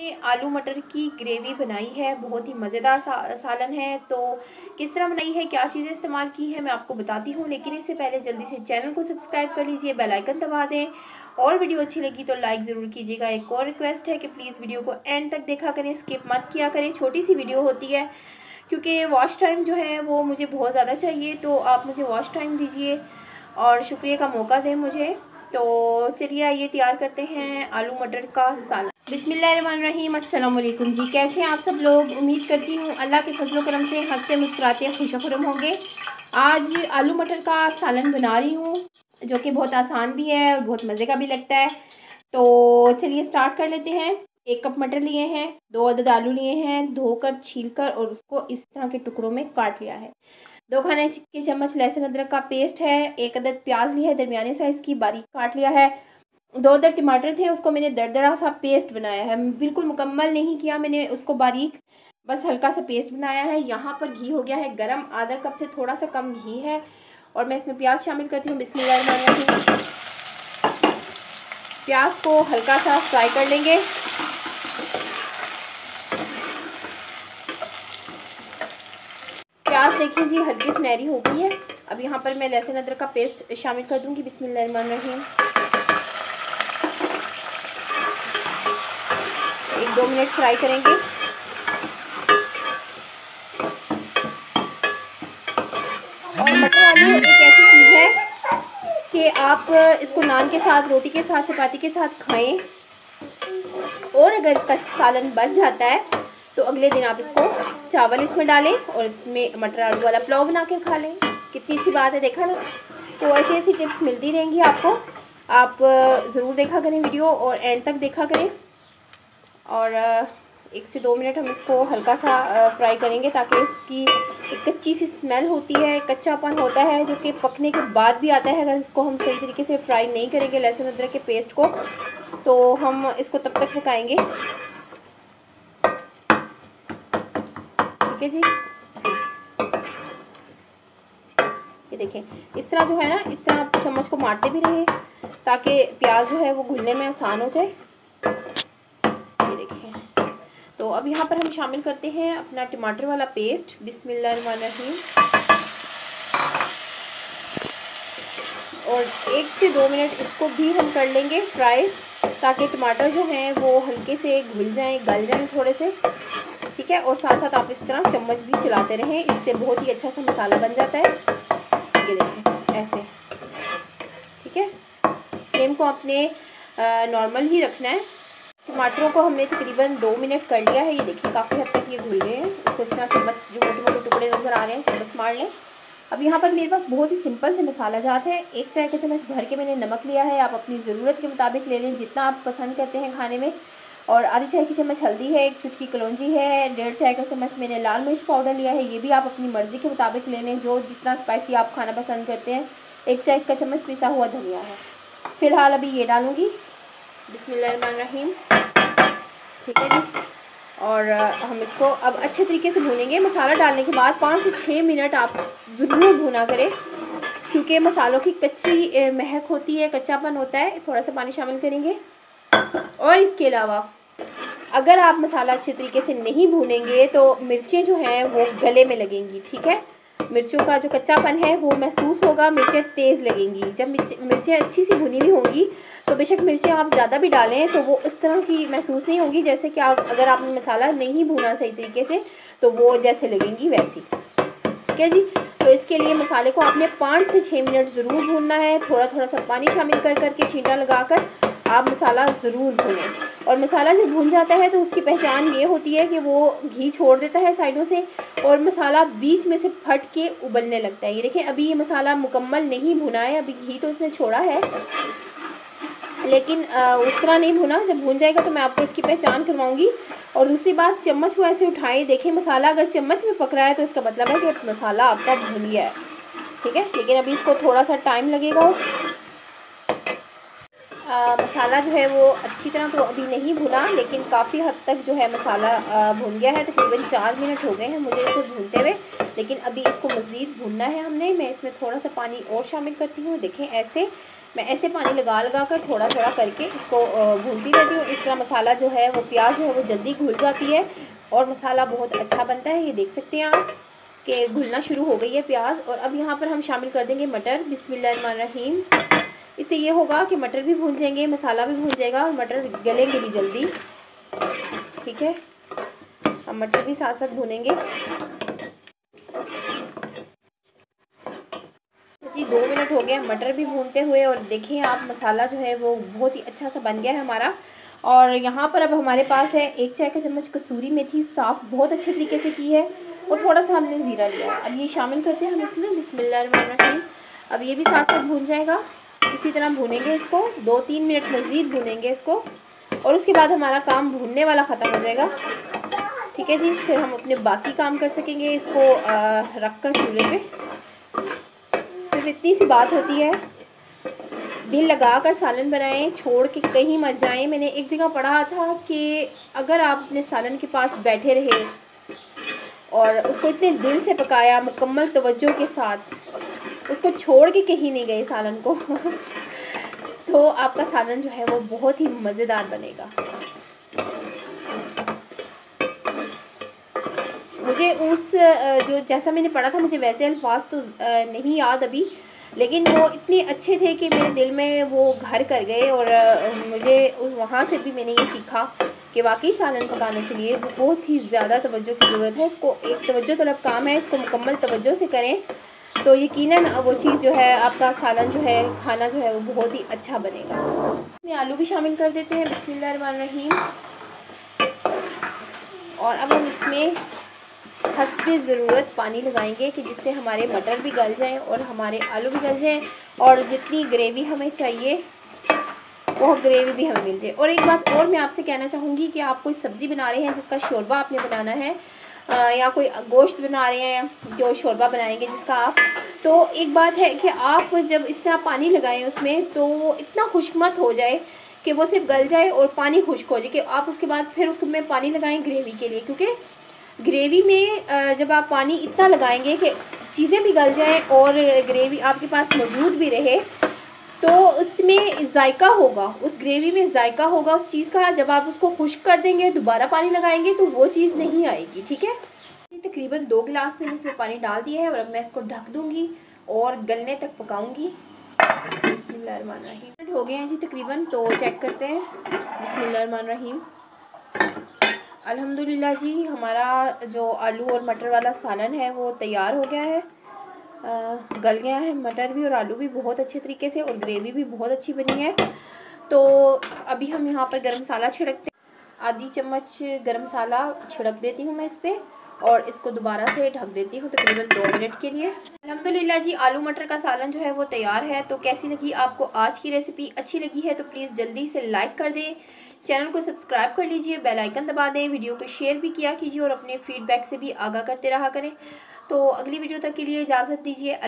ने आलू मटर की ग्रेवी बनाई है बहुत ही मज़ेदार सा, सालन है तो किस तरह बनाई है क्या चीज़ें इस्तेमाल की है मैं आपको बताती हूँ लेकिन इससे पहले जल्दी से चैनल को सब्सक्राइब कर लीजिए बेल आइकन दबा दें और वीडियो अच्छी लगी तो लाइक ज़रूर कीजिएगा एक और रिक्वेस्ट है कि प्लीज़ वीडियो को एंड तक देखा करें स्किप मत किया करें छोटी सी वीडियो होती है क्योंकि वॉश टाइम जो है वो मुझे बहुत ज़्यादा चाहिए तो आप मुझे वॉश टाइम दीजिए और शुक्रिया का मौका दें मुझे तो चलिए आइए तैयार करते हैं आलू मटर का सालन बिसमीम अल्लाम जी कैसे हैं आप सब लोग उम्मीद करती हूँ अल्लाह के फजल करम से हंसते मुस्कुराते खुशखरम होंगे आज आलू मटर का सालन बना रही हूँ जो कि बहुत आसान भी है और बहुत मज़े का भी लगता है तो चलिए स्टार्ट कर लेते हैं एक कप मटर लिए हैं दो अदद आलू लिए हैं धोकर छील कर और उसको इस तरह के टुकड़ों में काट लिया है दो खाने के चम्मच लहसुन अदरक का पेस्ट है एक अदद प्याज लिया है दरमियाने साइज़ की बारीक काट लिया है दो अदद टमाटर थे उसको मैंने दरदरा सा पेस्ट बनाया है बिल्कुल मुकम्मल नहीं किया मैंने उसको बारीक बस हल्का सा पेस्ट बनाया है यहाँ पर घी हो गया है गरम आधा कप से थोड़ा सा कम घी है और मैं इसमें प्याज शामिल करती हूँ बिस्मिल प्याज को हल्का सा फ्राई कर लेंगे प्याज देखिए जी हल्की सुनहरी हो गई है अब यहाँ पर मैं लहसुन अदरक का पेस्ट शामिल कर दूँगी बिस्मिल्लाहमान रहीम एक दो मिनट फ्राई करेंगे और मटर आलू एक ऐसी चीज़ है कि आप इसको नान के साथ रोटी के साथ चपाती के साथ खाएं और अगर इसका सालन बच जाता है तो अगले दिन आप इसको चावल इसमें डालें और इसमें मटर आलू वाला पुलाव बना के खा लें कितनी सी बात है देखा ना तो ऐसी ऐसी टिप्स मिलती रहेंगी आपको आप ज़रूर देखा करें वीडियो और एंड तक देखा करें और एक से दो मिनट हम इसको हल्का सा फ्राई करेंगे ताकि इसकी एक कच्ची सी स्मेल होती है कच्चापन होता है जो कि पकने के बाद भी आता है अगर इसको हम सही तरीके से फ्राई नहीं करेंगे लहसुन अदरक के पेस्ट को तो हम इसको तब तक पकाएंगे ओके जी ये देखें इस तरह जो है ना इस तरह आप चम्मच को मारते भी रहिए ताकि प्याज जो है वो घुलने में आसान हो जाए ये देखें तो अब यहाँ पर हम शामिल करते हैं अपना टमाटर वाला पेस्ट बिसमिल्लर और एक से दो मिनट इसको भी हम कर लेंगे फ्राई ताकि टमाटर जो हैं वो हल्के से घुल जाएं गल जाएं थोड़े से ठीक है और साथ साथ आप इस तरह चम्मच भी चलाते रहें इससे बहुत ही अच्छा सा मसाला बन जाता है ये देखें ऐसे ठीक है फ्लेम को आपने नॉर्मल ही रखना है टमाटरों को हमने तकरीबन दो मिनट कर लिया है ये देखिए काफ़ी हद तक ये घुल गए हैं उसको इस तरह चम्मच जो मोटे मोटे टुकड़े नज़र आ रहे हैं चम्मच मार लें अब यहाँ पर मेरे पास बहुत ही सिंपल से मसाला जात है एक चाय का चम्मच भर के मैंने नमक लिया है आप अपनी ज़रूरत के मुताबिक ले लें जितना आप पसंद करते हैं खाने में और आधी चाय की चम्मच हल्दी है एक चुटकी कलौजी है डेढ़ चाय का चम्मच मैंने लाल मिर्च पाउडर लिया है ये भी आप अपनी मर्ज़ी के मुताबिक ले लें जो जितना स्पाइसी आप खाना पसंद करते हैं एक चाय का चम्मच पिसा हुआ धनिया है फ़िलहाल अभी ये डालूँगी बिसमीम ठीक है जी और हम इसको अब अच्छे तरीके से भूनेंगे मसाला डालने के बाद पाँच से छः मिनट आप ज़रूर भुना करें क्योंकि मसालों की कच्ची महक होती है कच्चापन होता है थोड़ा सा पानी शामिल करेंगे और इसके अलावा अगर आप मसाला अच्छे तरीके से नहीं भूनेंगे तो मिर्चें जो हैं वो गले में लगेंगी ठीक है मिर्चों का जो कच्चापन है वो महसूस होगा मिर्चें तेज़ लगेंगी जब मिर्चें अच्छी सी भुनी हुई होंगी तो बेशक मिर्चें आप ज़्यादा भी डालें तो वो इस तरह की महसूस नहीं होगी जैसे कि आप अगर आपने मसाला नहीं भुना सही तरीके से तो वो जैसे लगेंगी वैसी ठीक है जी तो इसके लिए मसाले को आपने पाँच से छः मिनट ज़रूर भूनना है थोड़ा थोड़ा सा पानी शामिल कर करके छींटा लगा कर आप मसाला ज़रूर भूनें और मसाला जब भून जाता है तो उसकी पहचान ये होती है कि वो घी छोड़ देता है साइडों से और मसाला बीच में से फट के उबलने लगता है ये देखें अभी ये मसाला मुकम्मल नहीं भुना है अभी घी तो उसने छोड़ा है लेकिन उस तरह नहीं भुना जब भून जाएगा तो मैं आपको इसकी पहचान करवाऊँगी और दूसरी बात चम्मच को ऐसे उठाएं देखें मसाला अगर चम्मच में पक रहा है तो इसका मतलब है कि मसाला आपका भून गया है ठीक है लेकिन अभी इसको थोड़ा सा टाइम लगेगा मसाला जो है वो अच्छी तरह तो अभी नहीं भुना लेकिन काफ़ी हद तक जो है मसाला भून भुन गया है तकरीबन तो चार मिनट हो गए हैं मुझे इसको भूनते हुए लेकिन अभी इसको मज़ीद भूनना है हमने मैं इसमें थोड़ा सा पानी और शामिल करती हूँ देखें ऐसे मैं ऐसे पानी लगा लगा कर थोड़ा थोड़ा करके इसको भूनती रहती हूँ इस तरह मसाला जो है वो प्याज जो है वो जल्दी घुल जाती है और मसाला बहुत अच्छा बनता है ये देख सकते हैं आप कि घुलना शुरू हो गई है प्याज और अब यहाँ पर हम शामिल कर देंगे मटर बिस्मिल्लाम इससे ये होगा कि मटर भी भून जाएंगे मसाला भी भून जाएगा और मटर गलेंगे भी जल्दी ठीक है अब मटर भी साथ साथ भूनेंगे जी दो मिनट हो गए मटर भी भूनते हुए और देखें आप मसाला जो है वो बहुत ही अच्छा सा बन गया है हमारा और यहाँ पर अब हमारे पास है एक चाय का चम्मच कसूरी मेथी साफ बहुत अच्छे तरीके से की है और थोड़ा सा हमने ज़ीरा लिया अब ये शामिल करते हैं हम इसमें बिस्मिल्लाह अब ये भी साथ साथ भून जाएगा इसी तरह भूनेंगे इसको दो तीन मिनट मज़ीद भूनेंगे इसको और उसके बाद हमारा काम भूनने वाला ख़त्म हो जाएगा ठीक है जी फिर हम अपने बाकी काम कर सकेंगे इसको रख कर चूल्हे पे सिर्फ इतनी सी बात होती है दिल लगा कर सालन बनाएं छोड़ के कहीं मत जाएं मैंने एक जगह पढ़ा था कि अगर आप अपने सालन के पास बैठे रहे और उसको इतने दिल से पकाया मुकम्मल तवज्जो के साथ उसको छोड़ के कहीं नहीं गए सालन को तो आपका सालन जो है वो बहुत ही मज़ेदार बनेगा मुझे उस जो जैसा मैंने पढ़ा था मुझे वैसे अल्फाज तो नहीं याद अभी लेकिन वो इतने अच्छे थे कि मेरे दिल में वो घर कर गए और मुझे वहाँ से भी मैंने ये सीखा कि वाकई सालन पकाने के लिए बहुत ही ज़्यादा तवज्जो की ज़रूरत है इसको एक तवज्जो तलब तो काम है इसको मुकम्मल तवज्जो से करें तो यकीनन वो चीज़ जो है आपका सालन जो है खाना जो है वो बहुत ही अच्छा बनेगा इसमें आलू भी शामिल कर देते हैं बसमीम और अब हम इसमें हंसब ज़रूरत पानी लगाएंगे कि जिससे हमारे मटर भी गल जाएं और हमारे आलू भी गल जाएं और जितनी ग्रेवी हमें चाहिए वह ग्रेवी भी हमें मिल जाए और एक बात और मैं आपसे कहना चाहूँगी कि आप कोई सब्ज़ी बना रहे हैं जिसका शोरबा आपने बनाना है या कोई गोश्त बना रहे हैं जो शोरबा बनाएंगे जिसका आप तो एक बात है कि आप जब इस तरह पानी लगाएं उसमें तो वो इतना खुश्क मत हो जाए कि वो सिर्फ गल जाए और पानी खुश्क हो जाए कि आप उसके बाद फिर उसमें पानी लगाएं ग्रेवी के लिए क्योंकि ग्रेवी में जब आप पानी इतना लगाएंगे कि चीज़ें भी गल जाएं और ग्रेवी आपके पास मौजूद भी रहे तो उसमें जायका होगा उस ग्रेवी में जायका होगा उस चीज़ का जब आप उसको खुश्क कर देंगे दोबारा पानी लगाएंगे तो वो चीज़ नहीं आएगी ठीक है तकरीबन दो गिलास मैंने इसमें पानी डाल दिया है और अब मैं इसको ढक दूंगी और गलने तक पकाऊंगी रहीम हो गए हैं जी तकरीबन तो चेक करते हैं बसमान रहीम अल्हम्दुलिल्लाह जी हमारा जो आलू और मटर वाला सालन है वो तैयार हो गया है गल गया है मटर भी और आलू भी बहुत अच्छे तरीके से और ग्रेवी भी बहुत अच्छी बनी है तो अभी हम यहाँ पर गरम मसाला छिड़कते आधी चम्मच गरम मसाला छिड़क देती हूँ मैं इस पर और इसको दोबारा से ढक देती हूँ तकरीबन तो दो मिनट के लिए अलहमदिल्ला जी आलू मटर का सालन जो है वो तैयार है तो कैसी लगी आपको आज की रेसिपी अच्छी लगी है तो प्लीज़ जल्दी से लाइक कर दें चैनल को सब्सक्राइब कर लीजिए बेल आइकन दबा दें वीडियो को शेयर भी किया कीजिए और अपने फीडबैक से भी आगाह करते रहा करें तो अगली वीडियो तक के लिए इजाज़त दीजिए